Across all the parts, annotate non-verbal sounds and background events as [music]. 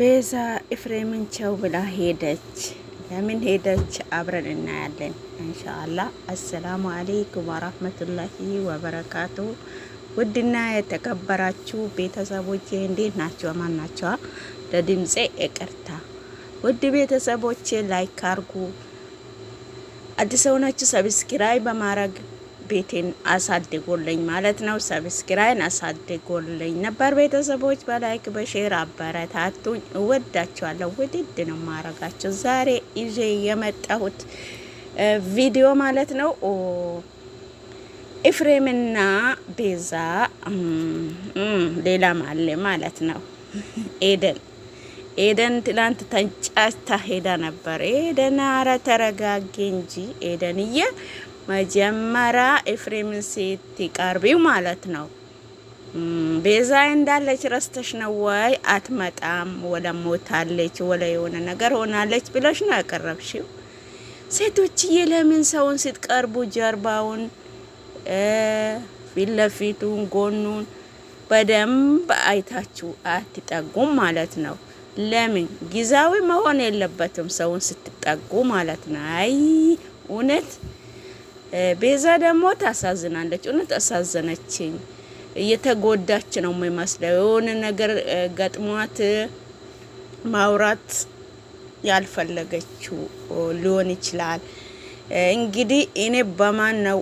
ቤዛ ኤፍሬምን ቸው ብላ ሄደች። ለምን ሄደች? አብረን እናያለን እንሻአላ። አሰላሙ አሌይኩም ወራህመቱላሂ ወበረካቱ። ውድና የተከበራችሁ ቤተሰቦቼ እንዴት ናቸው? ማን ናቸዋ? ለድምፄ ይቅርታ። ውድ ቤተሰቦቼ ላይክ አርጉ። አዲስ ሰውናችሁ ሰብስክራይብ በማድረግ ቤቴን አሳድጎልኝ ማለት ነው። ሰብስክራይን አሳድጎልኝ ነበር። ቤተሰቦች በላይክ በሼር አበረታቱኝ። እወዳችኋለሁ። ውድድ ነው ማረጋቸው። ዛሬ ይዤ የመጣሁት ቪዲዮ ማለት ነው ኤፍሬምና ቤዛ ሌላ አለ ማለት ነው። [laughs] ኤደን ኤደን ትላንት ተንጫታ ሄዳ ነበር። ኤደን አረ ተረጋጌ እንጂ ኤደንዬ መጀመሪያ ኤፍሬምን ሴት ስትቀርቢው ማለት ነው። ቤዛ እንዳለች ረስተሽ ነው ወይ አትመጣም፣ ወደ ሞታለች፣ ወለ የሆነ ነገር ሆናለች ብለሽ ነው ያቀረብሽው። ሴቶችዬ ለምን ሰውን ስትቀርቡ ጀርባውን፣ ፊት ለፊቱን፣ ጎኑን በደንብ አይታችሁ አትጠጉም ማለት ነው። ለምን ጊዜያዊ መሆን የለበትም ሰውን ስትጠጉ ማለት ነው። አይ እውነት ቤዛ ደግሞ ታሳዝናለች። እውነት አሳዘነችኝ። እየተጎዳች ነው የሚመስለው። የሆነ ነገር ገጥሟት ማውራት ያልፈለገችው ሊሆን ይችላል። እንግዲህ እኔ በማን ነው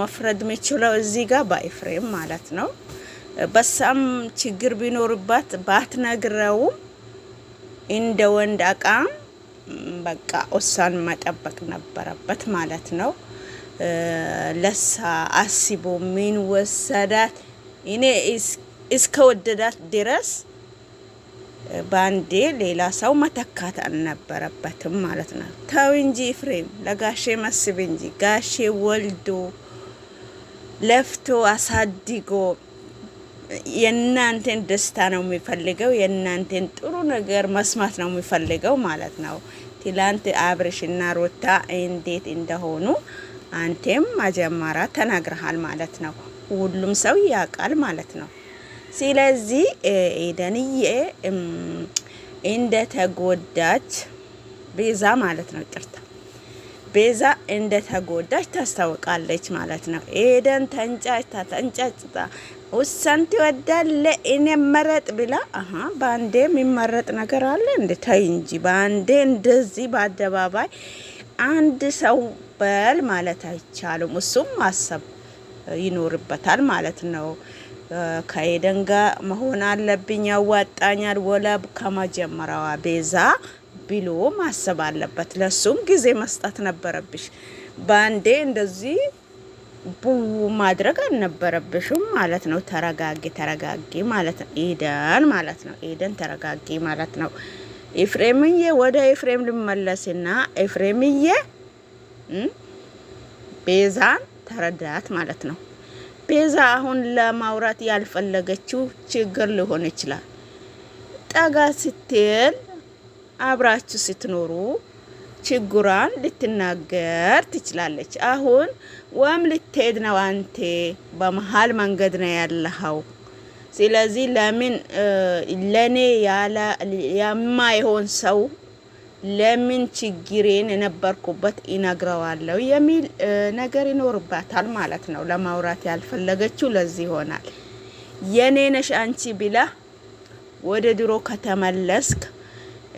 መፍረድ የምችለው? እዚህ ጋር በኤፍሬም ማለት ነው። በሳም ችግር ቢኖርባት ባትነግረው እንደ ወንድ አቃም በቃ ውሳኔ መጠበቅ ነበረበት ማለት ነው። ለሳ አስቦ ምን ወሰዳት? እኔ እስከ ወደዳት ድረስ በአንዴ ሌላ ሰው መተካት አልነበረበትም ማለት ነው። ተው እንጂ ኤፍሬም፣ ለጋሼ መስብ እንጂ ጋሼ ወልዶ ለፍቶ አሳድጎ የእናንተን ደስታ ነው የሚፈልገው። የእናንተን ጥሩ ነገር መስማት ነው የሚፈልገው ማለት ነው። ትላንት አብርሽና ሮታ እንዴት እንደሆኑ አንቴም መጀመሪያ ተናግረሃል ማለት ነው። ሁሉም ሰው ያውቃል ማለት ነው። ስለዚህ ኤደንዬ እንደ ተጎዳች ቤዛ ማለት ነው፣ ይቅርታ ቤዛ እንደ ተጎዳች ታስታውቃለች ማለት ነው። ኤደን ተንጫጭታ ተንጫጭታ ውሰንት ትወዳለ እኔ መረጥ ብላ አሀ በአንዴ የሚመረጥ ነገር አለ እንዴ? ተይ እንጂ በአንዴ እንደዚህ በአደባባይ አንድ ሰው ይቀበል ማለት አይቻልም። እሱም ማሰብ ይኖርበታል ማለት ነው። ከኤደን ጋር መሆን አለብኝ ያዋጣኛል ወላ ከመጀመሪያዋ ቤዛ ብሎ ማሰብ አለበት። ለሱም ጊዜ መስጠት ነበረብሽ። በአንዴ እንደዚህ ቡ ማድረግ አልነበረብሽም ማለት ነው። ተረጋጊ ተረጋጊ ማለት ነው። ኤደን ማለት ነው። ኤደን ተረጋጊ ማለት ነው። ኤፍሬምዬ ወደ ኤፍሬም ልመለስና ኤፍሬምዬ ቤዛን ተረዳት ማለት ነው። ቤዛ አሁን ለማውራት ያልፈለገችው ችግር ሊሆን ይችላል። ጠጋ ስትል አብራችሁ ስትኖሩ ችግሯን ልትናገር ትችላለች። አሁን ወም ልትሄድ ነው፣ አንቴ በመሀል መንገድ ነው ያለኸው። ስለዚህ ለምን ለእኔ ያለ የማይሆን ሰው ለምን ችግሬን የነበርኩበት ይነግረዋለሁ የሚል ነገር ይኖርባታል ማለት ነው። ለማውራት ያልፈለገችው ለዚህ ይሆናል። የኔ ነሽ አንቺ ብላ ወደ ድሮ ከተመለስክ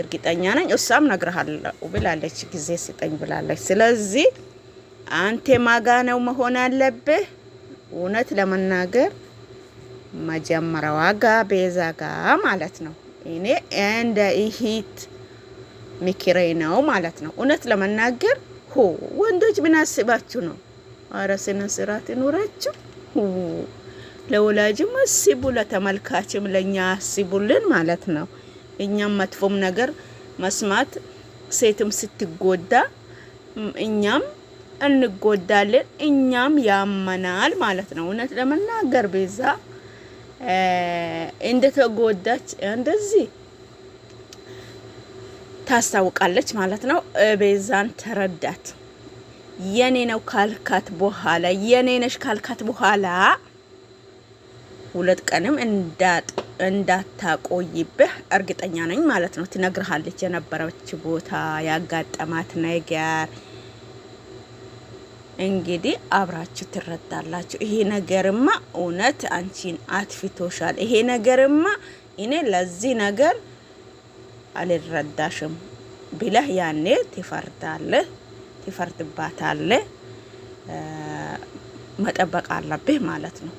እርግጠኛ ነኝ እሷም ነግረሃለሁ ብላለች፣ ጊዜ ስጠኝ ብላለች። ስለዚህ አንቴ ማጋነው መሆን አለብህ። እውነት ለመናገር መጀመሪያ ዋጋ ቤዛ ጋ ማለት ነው እኔ እንደ ይሂት ሚኪሬ ነው ማለት ነው። እውነት ለመናገር ሆ ወንዶች ምን አስባችሁ ነው? አረ ስነ ስርዓት ይኑራችሁ። ለወላጅም አስቡ፣ ለተመልካችም ለእኛ አስቡልን ማለት ነው። እኛም መጥፎም ነገር መስማት ሴትም ስትጎዳ እኛም እንጎዳለን፣ እኛም ያመናል ማለት ነው። እውነት ለመናገር ቤዛ እንደተጎዳች እንደዚህ ታስታውቃለች ማለት ነው። ቤዛን ተረዳት። የኔ ነው ካልካት በኋላ የኔ ነሽ ካልካት በኋላ ሁለት ቀንም እንዳታቆይብህ እርግጠኛ ነኝ ማለት ነው። ትነግርሃለች የነበረች ቦታ ያጋጠማት ነገር እንግዲህ አብራችሁ ትረዳላችሁ። ይሄ ነገርማ እውነት አንቺን አትፍቶሻል። ይሄ ነገርማ እኔ ለዚህ ነገር አልረዳሽም ብለህ ያኔ ትፈርዳለህ፣ ትፈርድባታለህ። መጠበቅ አለብህ ማለት ነው።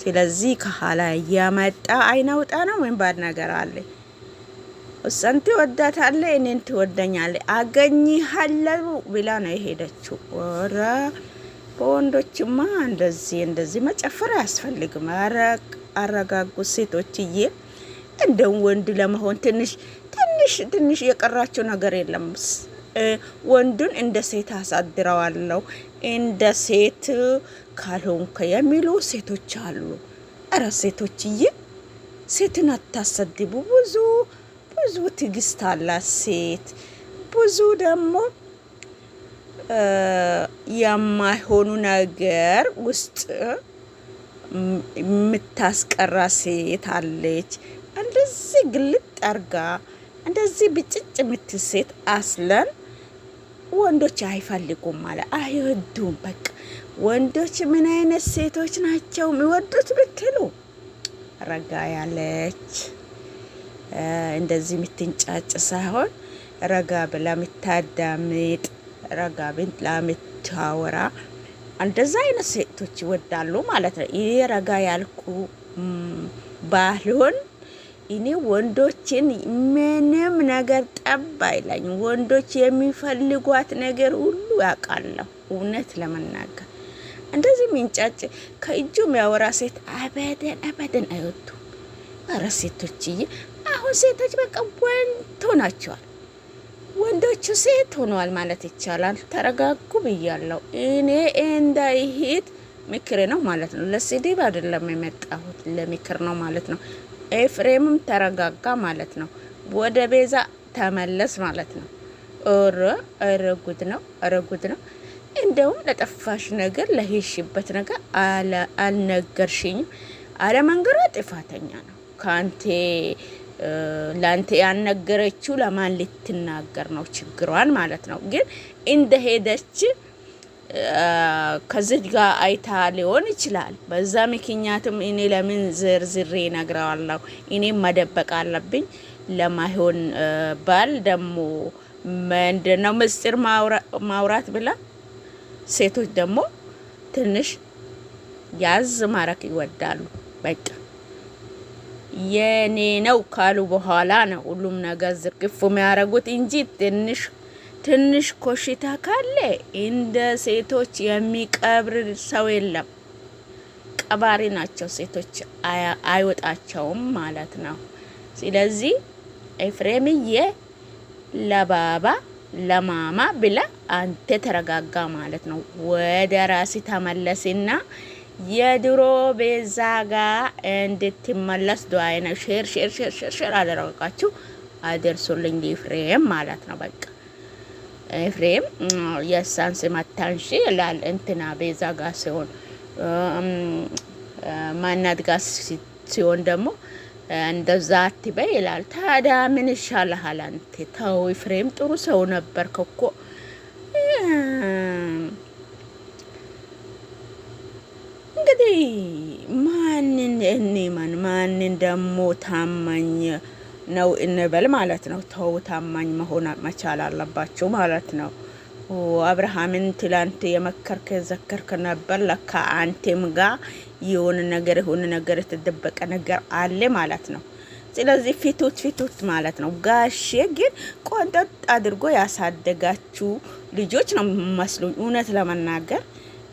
ስለዚህ ከኋላ እያመጣ አይናውጣ ነው። ወይም ባድ ነገር አለ? እሷን ትወዳታለህ፣ እኔን ትወደኛለህ፣ አገኝሃለሁ ብላ ነው የሄደችው። ኧረ በወንዶችማ እንደዚህ እንደዚህ መጨፈር አያስፈልግም። አረጋጉ ሴቶችዬ እንደውም ወንድ ለመሆን ትንሽ ትንሽ ትንሽ የቀራቸው ነገር የለምስ። ወንዱን እንደ ሴት አሳድረዋለሁ እንደ ሴት ካልሆንከ የሚሉ ሴቶች አሉ። እረ ሴቶችዬ ሴትን አታሰድቡ። ብዙ ብዙ ትግስት አላት ሴት ብዙ ደግሞ የማይሆኑ ነገር ውስጥ የምታስቀራ ሴት አለች። እንደዚህ ግልጥ አርጋ እንደዚህ ብጭጭ የምትል ሴት አስለን ወንዶች አይፈልጉም ማለት አይወዱም። በቃ ወንዶች ምን አይነት ሴቶች ናቸው የሚወዱት ብትሉ ረጋ ያለች እንደዚህ የምትንጫጭ ሳይሆን ረጋ ብላ የምታዳምጥ ረጋ ብላ የምታወራ እንደዛ አይነት ሴቶች ይወዳሉ ማለት ነው። ይህ ረጋ ያልኩ ባልሆን እኔ ወንዶችን ምንም ነገር ጠብ አይለኝ። ወንዶች የሚፈልጓት ነገር ሁሉ ያውቃለሁ። እውነት ለመናገር እንደዚህ ሚንጫጭ ከእጁ የሚያወራ ሴት አበደን አበደን አይወዱም። ኧረ ሴቶችዬ አሁን ሴቶች በቃ ወንድ ሆናቸዋል። ወንዶቹ ሴት ሆነዋል ማለት ይቻላል። ተረጋጉ ብያለሁ። እኔ እንዳይሄድ ምክር ነው ማለት ነው። ለስድብ አይደለም የመጣሁት ለምክር ነው ማለት ነው። ኤፍሬምም ተረጋጋ ማለት ነው። ወደ ቤዛ ተመለስ ማለት ነው። ኧረ ኧረ ጉድ ነው! ኧረ ጉድ ነው! እንደውም ለጠፋሽ ነገር ለሄሽበት ነገር አልነገርሽኝም። አለመንገሯ ጥፋተኛ ነው። ከአንቴ ለአንተ ያልነገረችው ለማን ልትናገር ነው? ችግሯን ማለት ነው። ግን እንደሄደች ከዚህ ጋር አይታ ሊሆን ይችላል። በዛ ምክንያትም እኔ ለምን ዝርዝሬ ነግረዋለሁ። እኔ መደበቅ አለብኝ ለማይሆን ባል ደግሞ ምንድን ነው ምስጢር ማውራት ብላ ሴቶች ደግሞ ትንሽ ያዝ ማረክ ይወዳሉ። በቃ የኔ ነው ካሉ በኋላ ነው ሁሉም ነገር ዝርግፉ የሚያደርጉት እንጂ ትንሽ ትንሽ ኮሽታ ካለ እንደ ሴቶች የሚቀብር ሰው የለም። ቀባሪ ናቸው ሴቶች፣ አይወጣቸውም ማለት ነው። ስለዚህ ኤፍሬምዬ ለባባ ለማማ ብላ አንተ ተረጋጋ ማለት ነው። ወደ ራሲ ተመለስና የድሮ ቤዛ ጋር እንድትመለስ ዱዓይ ሼር ሼር ሼር ሼር አደረጋችሁ አደርሶልኝ ኤፍሬም ማለት ነው በቃ ኤፍሬም የእሳን ስም አታንሺ ይላል። እንትና ቤዛ ጋ ሲሆን ማናት ጋ ሲሆን ደግሞ እንደዛ አትበይ ይላል። ታዲያ ምን ይሻልሃል አንተ? ተው ኤፍሬም፣ ጥሩ ሰው ነበርክ እኮ እንግዲህ ማንን እኔ ማን ማንን ደግሞ ታማኝ ነው እንበል ማለት ነው። ተው ታማኝ መሆን መቻል አለባችሁ ማለት ነው። አብርሃምን ትላንት የመከርክ ዘከርክ ነበር። ለካ አንቴም ጋ የሆነ ነገር የሆነ ነገር የተደበቀ ነገር አለ ማለት ነው። ስለዚህ ፊቱት ፊቱት ማለት ነው። ጋሼ ግን ቆንጠጥ አድርጎ ያሳደጋችሁ ልጆች ነው የሚመስሉኝ እውነት ለመናገር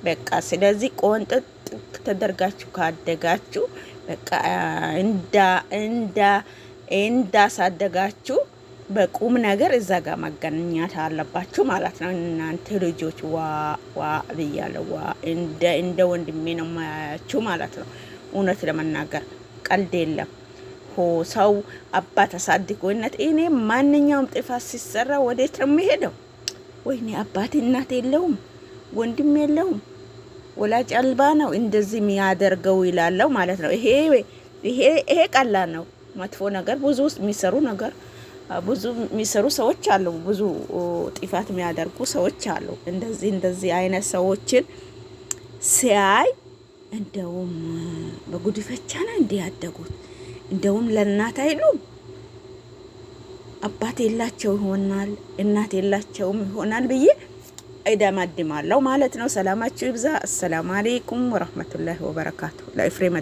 በቃ። ስለዚህ ቆንጠጥ ተደርጋችሁ ካደጋችሁ በቃ እንዳ እንዳ እንዳሳደጋችሁ በቁም ነገር እዛ ጋር መገናኛት አለባችሁ ማለት ነው። እናንተ ልጆች ዋ ዋ ብያለሁ። ዋ እንደ እንደ ወንድሜ ነው ማያችሁ ማለት ነው። እውነት ለመናገር ቀልድ የለም። ሆ ሰው አባት አሳድጎነት እኔ ማንኛውም ጥፋት ሲሰራ ወዴት ነው የሚሄደው? ወይኔ አባት እናት የለውም ወንድም የለውም ወላጅ አልባ ነው እንደዚህ የሚያደርገው ይላለው ማለት ነው። ይሄ ይሄ ይሄ ቀላል ነው። መጥፎ ነገር ብዙ ውስጥ የሚሰሩ ነገር ብዙ የሚሰሩ ሰዎች አሉ። ብዙ ጥፋት የሚያደርጉ ሰዎች አሉ። እንደዚህ እንደዚህ አይነት ሰዎችን ሲያይ እንደውም በጉድፈቻ ነው እንዲህ ያደጉት፣ እንደውም ለእናት አይሉም አባት የላቸው ይሆናል እናት የላቸውም ይሆናል ብዬ እደመድማለሁ ማለት ነው። ሰላማችሁ ይብዛ። አሰላሙ አሌይኩም ወረህመቱላሂ ወበረካቱ። ለኤፍሬም